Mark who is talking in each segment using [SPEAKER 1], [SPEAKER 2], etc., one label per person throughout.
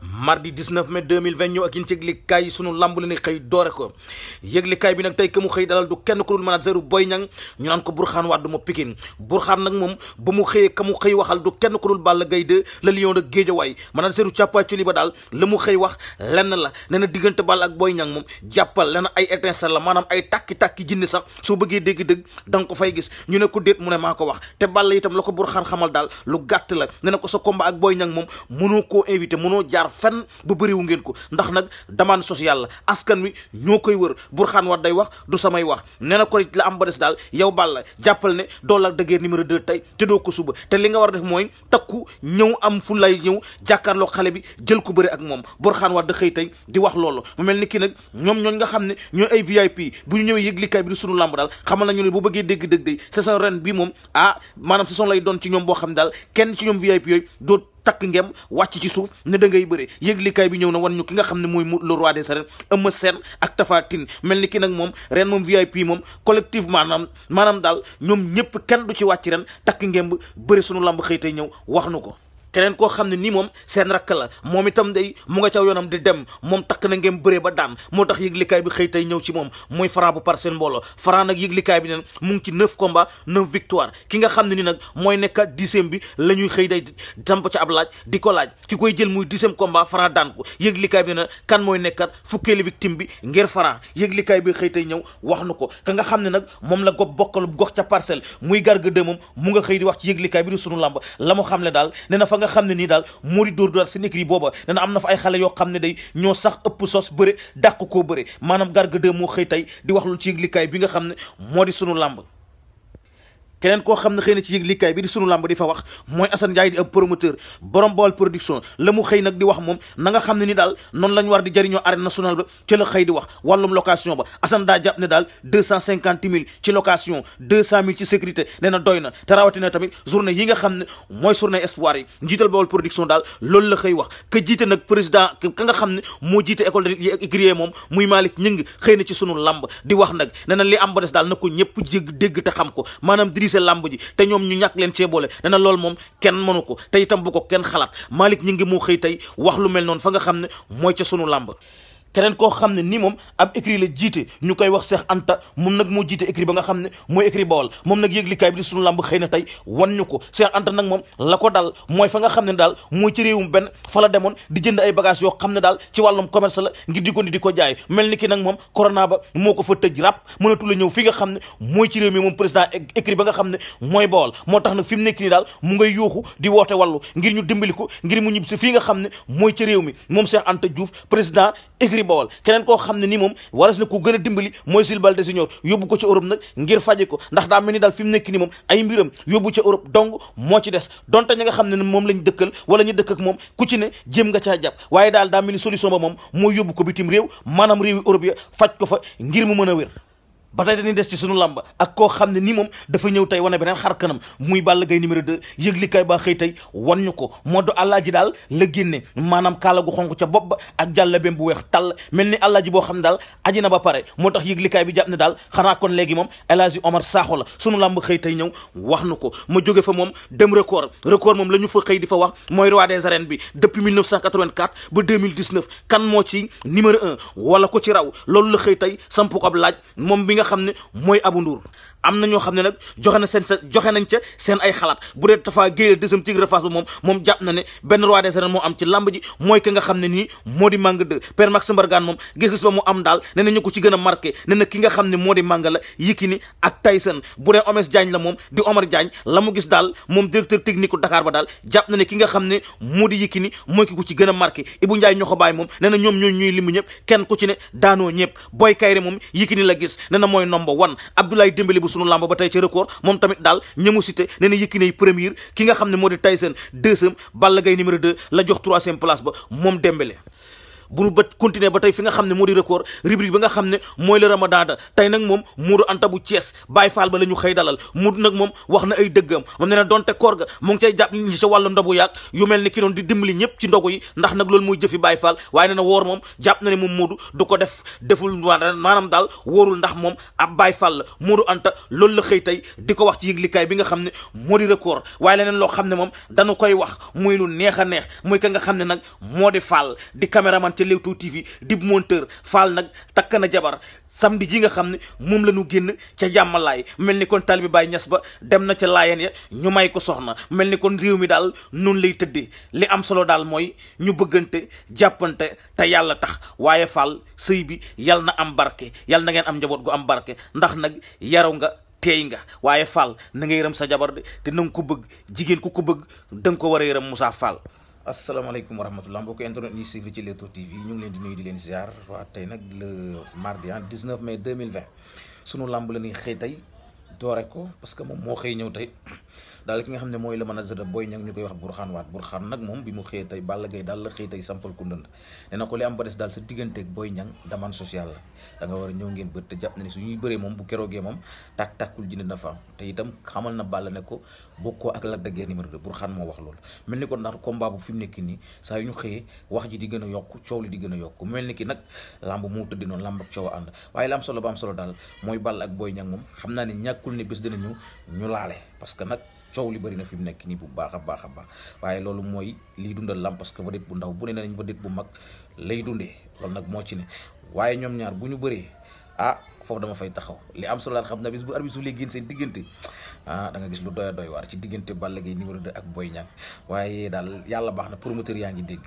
[SPEAKER 1] mardi 19 mai 2020 ñëw ak yéen ci yëglikaay yi sunu lamb la ni xëy doore ko yëglikaay bi nag tey ka mu xëy dalal du kenn ku dul manageru Boy Niang ñu naan ko Burxaan Wàdd mu Pikine Burxaan nag moom ba mu xëyee ka xëy waxal du kenn ku dul Balla Gaye 2 la Lion de Guédiawaye manageru càppaaculi ba daal la mu xëy wax lenn la nee na diggante Balla ak Boy Niang moom jàppal lenn ay étincelle la maanaam ay tàkki-tàkki jinni sax soo bëggee dégg-dëgg da fay gis ñu ne ko déet mu ne maa ko wax te Balla itam la ko Burxaan xamal daal lu gàtt la ne ko sa combat ak Boy Niang moom mënoo koo invité mënoo jaar fenn ba bëriwu ngeen ko ndax nag demande social la askan wi ñoo koy wër Bourkhane Wade day wax du samay wax nee na ko la am ba des daal yow Balla jàppal ne dool la dëggee numéro 2 tey te doo ko suba te li nga war a def mooy takku ñëw am fu lay ñëw jàkkaarloo xale bi jël ko bëri ak moom Bourkhane Wade xëy tey di wax loolo mu mel ni kii nag ñoom ñooñ nga xam ne ñooy ay VIP bu ñu ñëwee yëglikaay bi di sunu làmb daal xamal nañu ne bu bëggee dégg dëgg day saison ren bi moom ah maanaam saison lay doon boo xam ne daal kenn ci ñoom VIP yooyu takk ngem wàcc ci suuf ne da ngay bëre yëglikaay bi ñëw na wan ñu ki nga xam ne mooy Modou Lo de des arènes Eumeu Sène ak Tapha Tine mel ni ki nag moom ren moom VIP moom collectivement maanaam maanaam daal ñoom ñëpp kenn du ci wàcc ren takk ngem bëre sunu lamb xëy tey ñëw wax nu ko keneen koo xam ne nii moom seen rakk la moom itam day mu nga caw yoonam di dem moom takk na ngeen bëree ba daan moo tax yëglikaay bi xëy tey ñëw ci moom mooy Franc bu Parcelles Mbooloo Franc nag yëglikaay bi neen mu ngi ci neuf combats neuf victoire ki nga xam ne ni nag mooy nekk dixième bi la ñuy xëy day samp ca ab laaj di ko laaj ki koy jël muy dixième combat Franc daan ko yëglikaay bi ne kan mooy nekkat fukkeeli victime bi ngir Franc yëglikaay bi xëy tey ñëw wax na ko ka nga xam ne nag moom la gox bokkal gox ca parcelle muy garga de moom mu nga xëy di wax ci yëglikaay bi di sunu làmb la mu xam ne daal nga xam ne nii daal moo Mori dóor daal seen écrit booba dana am na fa ay xale yoo xam ne day ñoo sax ëpp sos bëre dàq koo bëre maanaam garga de moo xëy tey di wax lu ci yëglikaay bi nga xam ne moo di sunu làmb keneen koo xam ne xëy na ci yëg likkaay bi di sunu làmb di fa wax mooy Assane Ndiaye di ab promoteur borom Baol production la mu xëy nag di wax moom na nga xam ne ni daal noonu lañ war di jariñoo arène nationale ba ca xëy di wax wàllum location ba Assane daa jàpp ne daal deux cinquante mille ci location deux cent mille ci sécurité nee na doy na te rawatina tamit journée yi nga xam ne mooy journée espoir yi njiital Baol production daal loolu la xëy wax que jiital nag président ka nga xam ne moo jiite école gré moom muy Malick Ñing xëy na ci sunu làmb di wax nag nee na li am ba des daal na ko ñëpp jégg dégg te xam ko maanaam se lamb ji te ñoom ñu ñàkk leen cee boole nee na loolu moom kenn mënu ko te itam bu ko kenn xalaat Malick ñi ngi mu xëy tey wax lu mel noonu fa nga xam ne mooy ca sunu làmb keneen koo xam ne nii moom ab écrit la jiite ñu koy wax Cheikh Anta moom nag moo jiite écrit ba nga xam ne mooy écrit Bawol moom nag yëglikaay bi di sunu lamb xëy na tey wan ñu ko Cheikh Anta nag moom la ko dal mooy fa nga xam ne daal mooy ci réewum benn fa demoon di jënd ay bagages yoo xam ne ci wàllum commerce la ngir di ko di ko jaay mel ni ki nag moom corona ba moo ko fa tëj rap mënatu la ñëw fi nga xam ne mooy ci réew mi moom président e écrit ba nga xam ne mooy Bawol moo tax nag fi nekk nii mu ngay yuuxu di woote wàllu ngir ñu dimbali ko ngir mu ñibbisi fii nga xam ne mooy ci réew mi moom Cheikh Anta Diouf président écrit écrit Bawol keneen koo xam ne ni moom waras na ko gën a dimbali mooy Jules Baldé Junior yóbbu ko ci Europe nag ngir faje ko ndax da mel ni daal fi mu nekk ni moom ay mbiram yóbbu ca Europe donc moo ci des donte ñi nga xam ne ne moom lañ dëkkal wala ñu dëkk ak moom ku ci ne jéem nga caa jàpp waaye daal daa mel ni solution ba moom mooy yóbbu ko bitim réew maanaam réew yi Europe ya faj ko fa ngir mu mën a wér ba tey dañuy des ci sunu làmb ak ko xam ne ni moom dafa ñëw tey wane beneen xar kanam muy Balla Gaye numéro 2 yëglikaay baa xëy tey wan ñu ko moo du àllaaji daal la génne maanaam kaala gu xonk ca bopp ba ak jàllabeem bu weex tàll mel ni àllaaji boo xam ne daal aji na ba pare moo tax yëglikaay bi jàpp ne daal xanaa kon léegi moom El Hadji Omar Sakho la sunu làmb xëy tey ñëw wax nu ko ma jóge fa moom dem record record moom la ñu fa xëy di fa wax mooy roi des arènes bi depuis 1984 ba moo ci numéro 1 ko ci raw loolu la xëy tey samp ko ab laaj nga xam ne mooy Abou Ndour am na ñoo xam ne nag joxe na seen sa joxe nañ ca seen ay xalaat bu dee Tapha Guèye deuxième Tigre Fass ba moom moom jàpp na ne benn roi des arènes moo am ci lamb ji mooy ki nga xam ne nii moo di Manga 2 Père Max Mbargane moom gis am daal ne na ñu ko ci gën na ki nga xam ne moo di Manga la Yékini ak Tyson bu dee Omes Diagne la moom di Omar Diagne la mu gis daal moom directeur technique u Dakar ba daal jàpp na ne ki nga xam ne moo di Yékini mooy ki ko ci gën a marqué Ibou Ndiaye ñoo ko bàyyi moom ne na ñoom ñooy ñuy limu ñëpp kenn ku ci ne daanoo ñëpp Boy Kayre moom Yékini la gis ne na mooy number one Abdoulaye Dembélé bu sunu làmb ba tey ci record moom tamit daal ñamu cité ne na Yékini premier ki nga xam ne moo di Tyson deuxième Balla Gaye numéro deux la jox troisième place ba moom Dembélé bu nu ba continuer ba tey fi nga xam ne moo di record rubrique bi nga xam ne mooy le ramadan da tey nag moom Modou Anta bu Thiès Baye Fall ba la ñu xëy dalal mu nag moom wax na ay dëggam moom ne na donte koor ga mu ngi cay jàpp ñi ca wàllu ndogu yaag yu mel ni ki doon di dimbali ñëpp ci ndogu yi nag loolu mooy jëfi Baye Fall waaye nee na woor moom jàpp na ne moom Modou du ko def deful maanaam daal wóorul ndax moom ab Baye la Modou Anta loolu la xëy tey di ko wax ci yëglikaay bi nga xam ne moo di record waaye leneen loo xam ne moom dañu koy wax muy lu neex a neex muy ka nga xam ne nag moo di Fall di caméraman ca Leewtoo TV dib monteur faal nag takk na jabar samedi ji nga xam ne moom la ñu génn ca jàmmalaay mel ni kon taalibe Baay Ñas ba dem na ca layen ya ñu may ko soxna mel ni kon réew mi daal noonu lay tëddee li am solo daal mooy ñu bëggante jàppante te yàlla tax waaye faal sëy bi yal na am barke yal na ngeen am njaboot gu am barke ndax nag yaru nga teey nga waaye faal na nga yërëm sa jabar de te na ko bëgg jigéen ku ko bëgg da ko war a yërëm Moussa Fall asalaamaaleykum wa rahmatulah mbokk internet ñuy suivre ci Leewtoo TV ñu ngi leen di nuyu di leen ziar waa tey nag le mardi ah 19 mai 2020 sunu làmb la ñuy xëy tey doore ko parce que moom moo xëy ñëw tey daal ki nga xam ne mooy le manager de Boy Niang ñu koy wax Bourkhane Waat Bourkhane nag moom bi mu xëyee tey Balla Gaye daal la xëy tey sampal ku ndënd ne na ko li am ba des daal sa digganteeg a ñëw ngeen bër te jàpp na moom bu keroogee moom tàkk tàkkul jënd na fa te itam xamal ko bokkoo ak Lac de Guiers numéro 2 moo wax loolu mel ni kon ndax combat bu fi mu nekk nii saa yu ñu xëyee wax ji di a yokk coow li di gën a yokk mel ni ki nag lamb moo tëddi noonu lamb a ànd waaye la solo ba am solo daal mooy Balla ak Boy Niang moom xam naa ne ñàkkul ne bés dina ñëw ñu laale parce nag coow li bëri na fi mu nekk nii bu baax a baax a baax waaye loolu mooy liy dundal làmb parce que vedette bu ndaw bu ne nañ vedette bu mag lay dundee lool nag moo ci ne waaye ñoom ñaar bu ñu bëree ah foofu dama fay taxaw li am solo xam na bis bu arbitre suuf lay génn seen diggante ah da nga gis lu doy doy waar ci diggante Balla Gaye numéro 2 ak Boy Niang waaye daal yàlla baax na promoteur yaa ngi dégg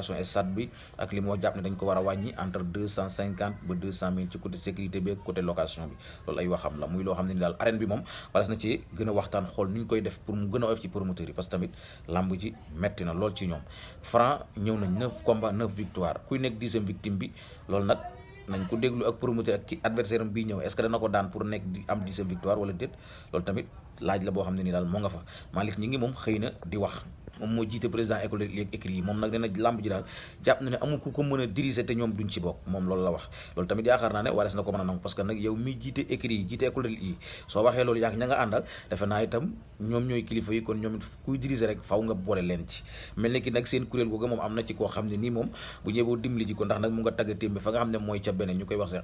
[SPEAKER 1] location stade bi ak li moo jàpp ne dañ ko war a wàññi entre deux cent cinquante ba deux cent mille ci côté sécurité bi côté location bi loolu ay waxam la muy loo xam ne ni daal arène bi moom waras na ci gën yi parce tamit lamb ji metti na lool ci ñoom franc ñëw nañ neuf combat neuf victoire kuy nekk dixième victime bi loolu nag nañ ko déglu ak promoteur ak ki adversaire am ñëw est dana ko daan pour nekk di am di sa victoire wala déet loolu moom moo jiite président école léegi écrit yi moom nag nee na làmb ji daal jàpp na amul ku ko mën a diriger te ñoom duñ ci bokk moom loolu la wax loolu tamit yaakaar naa ne warees na ko mën a nangu parce que nag yow mi jiite écrit yi jiite école yi soo waxee loolu yaag ña nga àndal defe naa itam ñoom ñooy kilifa yi kon ñoom kuy diriger rek faw nga boole leen ci mel ni ki nag seen kuréel googa moom am na ci koo xam ne nii moom bu ñëwoo dimbali ko ndax nag mu nga tagg témbi fa nga xam ne mooy ca beneen ñu koy wax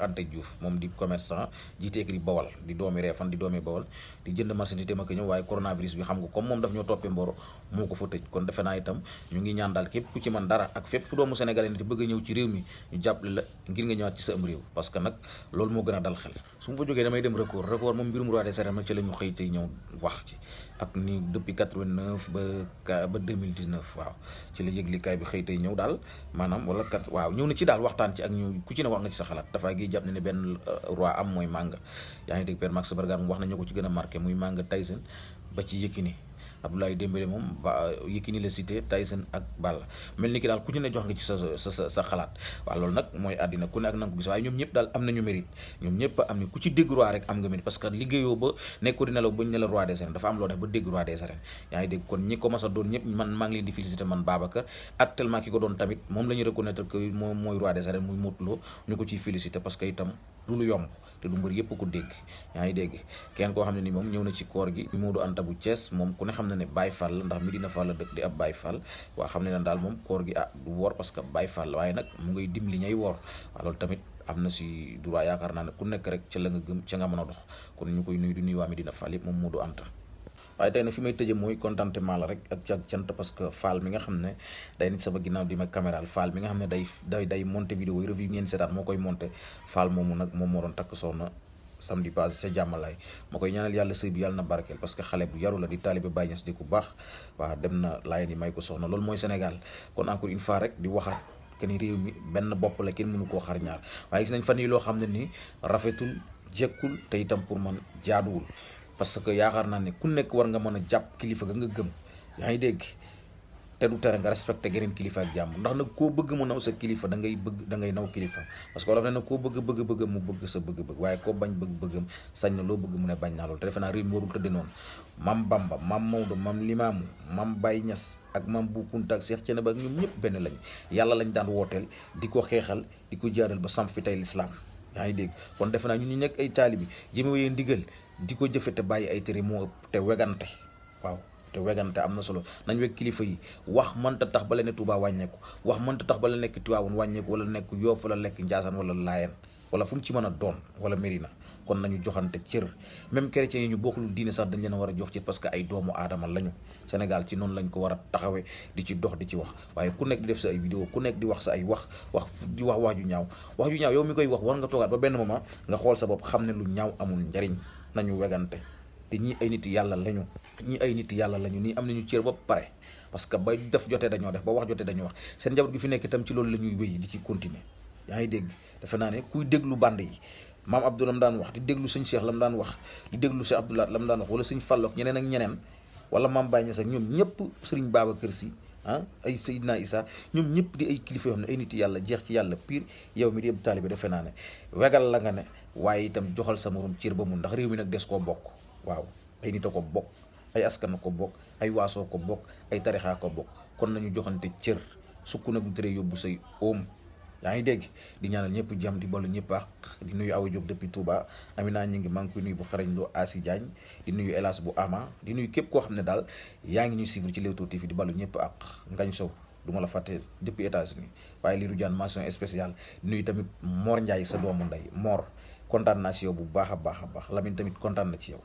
[SPEAKER 1] kon defe naa itam ñu ngi ñaan daal képp ku ci man dara ak fépp fu doomu sénégalais nit bëgg ñëw ci réew mi ñu jàppale la ngir nga ñëwaat ci sa am réew parce que nag loolu moo gën a dal xel su ma fa jógee damay dem record record moom mbirum roi des arènes nag ci la ñu xëy tey ñëw wax ci ak ni depuis 89 ba la yëglikaay bi xëy tey ñëw daal maanaam wala kat waaw ñëw na ci daal waxtaan ci ak ñu ku ci ne wax nga ci sa xalaat dafaa gi jàpp ne ne benn euh, roi am mooy mànga yaa ngi dégg père Max mu wax nañu ko ci gën a marqué muy mànga Tyson ba ci Yékini Abdoulaye Dembélé moom ba Yékini la cité Tyson ak Balla mel ni ki daal ku ci ne jox nga xalaat waaw loolu nag mooy àddina ku ne ak na ko gis waaye ñoom ñëpp daal am nañu mérite ñoom ñëpp am ni ku ci dégg roi rek am nga mérite parce que liggéeyoo ba nekkul di nelaw ba ñu ne la roi des arènes dafa am loo def ba dégg roi des arènes yaa ngi dégg kon ñi ko mas a doon man maa ngi leen di féliciter man Babacar actuellement ki ko doon tamit moom la ñu reconnaître que moom mooy roi des arènes muy Modou ñu ko ciy féliciter que itam du lu yomb te du mbër yëpp ko dégg yaa ngi dégg kenn koo xam ne ni moom ñëw na ci koor gi Modou Anta bu Thiès moom ku ne xam na ne Baye Fall la ndax Medina Fall la dëkk di ab Baye Fall xam ne na daal moom koor gi ah du woor parce que Baye Fall la waaye nag mu ngay dimbali ñay woor waaw loolu tamit am na si droit yaakaar naa ne ku nekk rek ca la nga gëm ca nga mën a dox kon ñu koy nuyu di nuyu waa dina Fall yëpp moom Modou Anta waaye tey nag fi may tëjee mooy contentement la rek ak ak cant parce que Fall mi nga xam ne day nit sama ginnaaw di ma caméral Fall mi nga xam ne day day day monté vidéo yi revue ngeen seetaan moo koy monté Fall moomu nag moom moo doon takk soxna samedi passé ca jàmmalaay ma koy ñaanal yàlla sëy bi yàlla na barkeel parce que xale bu yarula di taalibe Baye Niass di ku baax waaw dem na laayeen yi may ko soxna loolu mooy Sénégal kon encore une fois rek di waxaat que ni mi benn bopp la kenn mënu koo xar ñaar waaye gis nañ fan loo xam ne nii rafetul jekkul te itam pour man jaaduwul parce que yaakaar naa ne ku nekk war nga mën a jàpp kilifa ga nga gëm yaa ngi dégg te du tere nga respecté geneen kilifa ak jàmm ndax nag koo bëgg mu naw sa kilifa da ngay bëgg da ngay naw kilifa parce que wolof ne na koo bëgg bëgg bëggam mu bëgg sa bëgg-bëgg waaye ko bañ bëgg bëgg sañ na loo bëgg mu ne bañ naa loolu te defe naa réew mi warul tëdde noonu mam Bamba mam Maodo mam Limaamu mam Baye ñas ak mam Bu Kunta ak Seex Ceneba ak ñoom ñëpp benn lañ yàlla lañ daan wooteel di ko xeexal di ko jaaral ba samp fi tey lislaam yaa ngi dégg kon defe naa ñun ñu nekk ay taalibi jëmewee ndigal di ko jëfe te bàyyi ay tere moo te wegante waaw te wegante am na solo nañ weg kilifa yi wax mënta tax ba la ne Tuubaa wàññeeku wax mënta tax ba la nekk Tiwaawoon wàññeeku wala nekk Yoof wala nekk Njaasaan wala Laayeen wala fu mu ci mën a doon wala Medina kon nañu joxante cër même chrétiens yi ñu bokkul diine sax dañ leen war jox cër parce que ay doomu aadama lañu Sénégal ci noonu lañ ko war a taxawee di ci dox di ci wax waaye ku nekk di def sa ay vidéo ku nekk di wax sa ay wax wax di wax wax ju ñaaw wax ju ñaaw yow mi koy wax war nga toogaat ba benn moment nga xool sa bopp xam ne lu ñaaw amul njariñ nañu wegante te ñii ay nit yàlla lañu ñii ay nit yàlla lañu nii am nañu cër ba pare parce que ba def jotee dañoo def ba wax jotee dañoo wax seen njaboot gi fi nekk itam ci loolu lañuy ñuy wéy di ci continuer yaa ngi dégg defe naa ne kuy déglu band yi maam Abdou la mu daan wax di déglu sëñ Cheikh la mu daan wax di déglu sëñ Abdoulaat la mu daan wax wala sëñ Fallook ñeneen ak ñeneen wala maam Baye Niass ak ñoom ñëpp sëriñ Babacar Sy ah ay Seydina Isa ñoom ñëpp di ay kilifa yoo xam ne ay nit yàlla jeex ci yàlla pire yow mi di ab taalibe defe naa ne wegal la nga ne waaye itam joxal sama morom cër ba mun ndax réew mi nag des koo bokk waaw ay nit a ko bokk ay askan ko bokk ay waasoo ko bokk ay tarixaa ko bokk kon nañu joxante cër sukk nag du tere yóbbu say oom yaa ngi dégg di ñaanal ñëpp jam di balu ñëpp ak di nuyu Awa Diop depuis Touba Amina ñu ngi maa ngi koy nuyu bu xarañ lu Asi Diagne di nuyu Elas bu amaa di nuyu képp koo xam ne daal yaa ngi ñuy suivre ci Leewtoo TV di balu ñëpp ak Ngagne Sow ma la fàtte depuis États-Unis waaye liiru jaan mention spéciale di nuyu tamit Mor Ndiaye sa doomu ndey Mor kontaan ci yow bu baax a baax a baax lamin tamit kontaan na ci yow.